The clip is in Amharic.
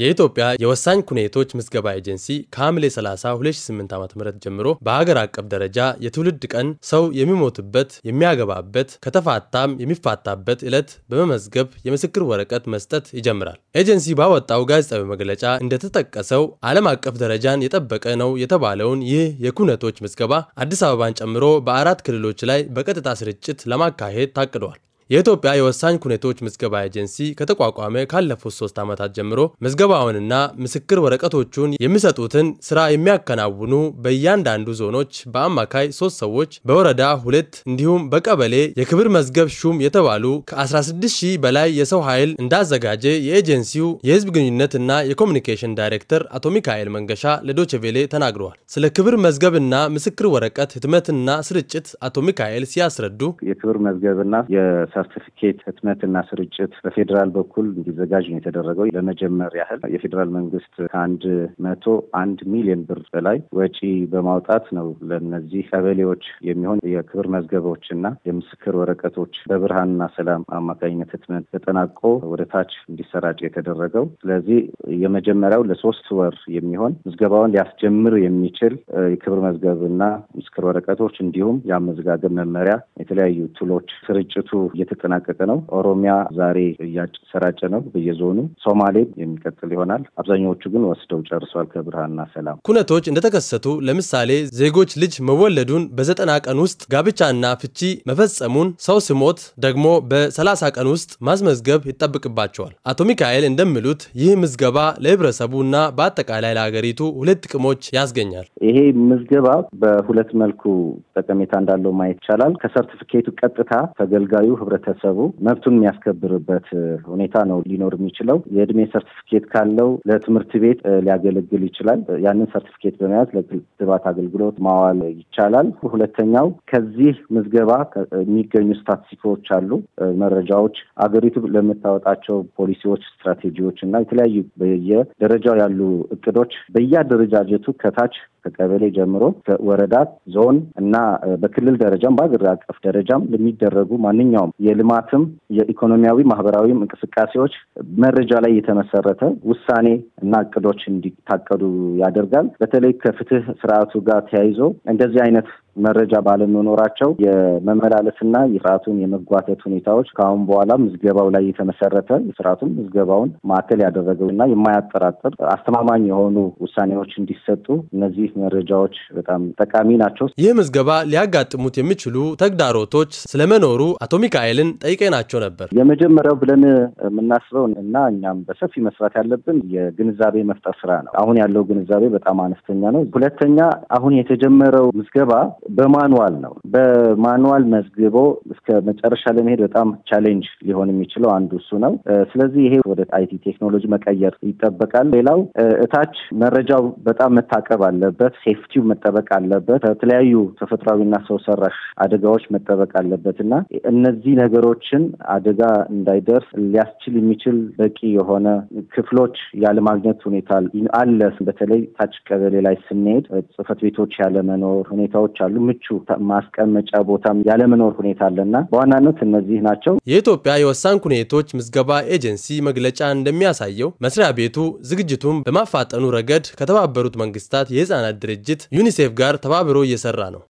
የኢትዮጵያ የወሳኝ ኩኔቶች ምዝገባ ኤጀንሲ ከሐምሌ 30 2008 ዓ.ም ጀምሮ በሀገር አቀፍ ደረጃ የትውልድ ቀን ሰው የሚሞትበት፣ የሚያገባበት፣ ከተፋታም የሚፋታበት ዕለት በመመዝገብ የምስክር ወረቀት መስጠት ይጀምራል። ኤጀንሲ ባወጣው ጋዜጣዊ መግለጫ እንደተጠቀሰው ዓለም አቀፍ ደረጃን የጠበቀ ነው የተባለውን ይህ የኩነቶች ምዝገባ አዲስ አበባን ጨምሮ በአራት ክልሎች ላይ በቀጥታ ስርጭት ለማካሄድ ታቅደዋል። የኢትዮጵያ የወሳኝ ኩነቶች ምዝገባ ኤጀንሲ ከተቋቋመ ካለፉት ሶስት ዓመታት ጀምሮ ምዝገባውንና ምስክር ወረቀቶቹን የሚሰጡትን ስራ የሚያከናውኑ በእያንዳንዱ ዞኖች በአማካይ ሶስት ሰዎች በወረዳ ሁለት እንዲሁም በቀበሌ የክብር መዝገብ ሹም የተባሉ ከ16 ሺህ በላይ የሰው ኃይል እንዳዘጋጀ የኤጀንሲው የህዝብ ግንኙነትና የኮሚኒኬሽን ዳይሬክተር አቶ ሚካኤል መንገሻ ለዶችቬሌ ተናግረዋል። ስለ ክብር መዝገብና ምስክር ወረቀት ህትመትና ስርጭት አቶ ሚካኤል ሲያስረዱ የክብር መዝገብና ሰርቲፊኬት ህትመትና ስርጭት በፌዴራል በኩል እንዲዘጋጅ ነው የተደረገው። ለመጀመር ያህል የፌዴራል መንግስት ከአንድ መቶ አንድ ሚሊዮን ብር በላይ ወጪ በማውጣት ነው ለነዚህ ቀበሌዎች የሚሆን የክብር መዝገቦች እና የምስክር ወረቀቶች በብርሃንና ሰላም አማካኝነት ህትመት ተጠናቆ ወደ ታች እንዲሰራጭ የተደረገው። ስለዚህ የመጀመሪያው ለሶስት ወር የሚሆን ምዝገባውን ሊያስጀምር የሚችል የክብር መዝገብና ምስክር ወረቀቶች እንዲሁም የአመዘጋገብ መመሪያ የተለያዩ ቱሎች ስርጭቱ እየተጠናቀቀ ነው። ኦሮሚያ ዛሬ እያሰራጨ ነው በየዞኑ። ሶማሌ የሚቀጥል ይሆናል። አብዛኛዎቹ ግን ወስደው ጨርሷል። ከብርሃንና ሰላም ኩነቶች እንደተከሰቱ ለምሳሌ ዜጎች ልጅ መወለዱን በዘጠና ቀን ውስጥ ጋብቻና ፍቺ መፈጸሙን፣ ሰው ስሞት ደግሞ በሰላሳ ቀን ውስጥ ማስመዝገብ ይጠብቅባቸዋል። አቶ ሚካኤል እንደሚሉት ይህ ምዝገባ ለህብረተሰቡና በአጠቃላይ ለሀገሪቱ ሁለት ጥቅሞች ያስገኛል። ይሄ ምዝገባ በሁለት መልኩ ጠቀሜታ እንዳለው ማየት ይቻላል። ከሰርቲፊኬቱ ቀጥታ ተገልጋዩ ህብረተሰቡ መብቱን የሚያስከብርበት ሁኔታ ነው ሊኖር የሚችለው። የእድሜ ሰርቲፊኬት ካለው ለትምህርት ቤት ሊያገለግል ይችላል። ያንን ሰርቲፊኬት በመያዝ ለክትባት አገልግሎት ማዋል ይቻላል። ሁለተኛው ከዚህ ምዝገባ የሚገኙ ስታቲስቲኮች አሉ፣ መረጃዎች አገሪቱ ለምታወጣቸው ፖሊሲዎች፣ ስትራቴጂዎች እና የተለያዩ በየደረጃው ያሉ እቅዶች በያደረጃጀቱ ከታች ከቀበሌ ጀምሮ ወረዳት፣ ዞን እና በክልል ደረጃም በአገር አቀፍ ደረጃም ለሚደረጉ ማንኛውም የልማትም የኢኮኖሚያዊ ማህበራዊም እንቅስቃሴዎች መረጃ ላይ የተመሰረተ ውሳኔ እና እቅዶች እንዲታቀዱ ያደርጋል። በተለይ ከፍትህ ስርዓቱ ጋር ተያይዞ እንደዚህ አይነት መረጃ ባለመኖራቸው የመመላለስና የስርዓቱን የመጓተት ሁኔታዎች ከአሁን በኋላ ምዝገባው ላይ የተመሰረተ የስርዓቱን ምዝገባውን ማዕከል እና የማያጠራጥር አስተማማኝ የሆኑ ውሳኔዎች እንዲሰጡ እነዚህ መረጃዎች በጣም ጠቃሚ ናቸው። ይህ ምዝገባ ሊያጋጥሙት የሚችሉ ተግዳሮቶች ስለመኖሩ አቶ ሚካኤልን ጠይቀናቸው ነበር። የመጀመሪያው ብለን የምናስበው እና እኛም በሰፊ መስራት ያለብን የግንዛቤ መፍጠር ስራ ነው። አሁን ያለው ግንዛቤ በጣም አነስተኛ ነው። ሁለተኛ አሁን የተጀመረው ምዝገባ በማኑዋል ነው። በማኑዋል መዝግቦ እስከ መጨረሻ ለመሄድ በጣም ቻሌንጅ ሊሆን የሚችለው አንዱ እሱ ነው። ስለዚህ ይሄ ወደ አይቲ ቴክኖሎጂ መቀየር ይጠበቃል። ሌላው እታች መረጃው በጣም መታቀብ አለበት። ሴፍቲው መጠበቅ አለበት። ከተለያዩ ተፈጥሯዊና ሰው ሰራሽ አደጋዎች መጠበቅ አለበት እና እነዚህ ነገሮችን አደጋ እንዳይደርስ ሊያስችል የሚችል በቂ የሆነ ክፍሎች ያለማግኘት ሁኔታ አለ። በተለይ ታች ቀበሌ ላይ ስንሄድ ጽህፈት ቤቶች ያለመኖር ሁኔታዎች አሉ። ምቹ ማስቀመጫ ቦታም ያለመኖር ሁኔታ አለና በዋናነት እነዚህ ናቸው። የኢትዮጵያ የወሳኝ ኩነቶች ምዝገባ ኤጀንሲ መግለጫ እንደሚያሳየው መስሪያ ቤቱ ዝግጅቱን በማፋጠኑ ረገድ ከተባበሩት መንግስታት የህፃናት ድርጅት ዩኒሴፍ ጋር ተባብሮ እየሰራ ነው።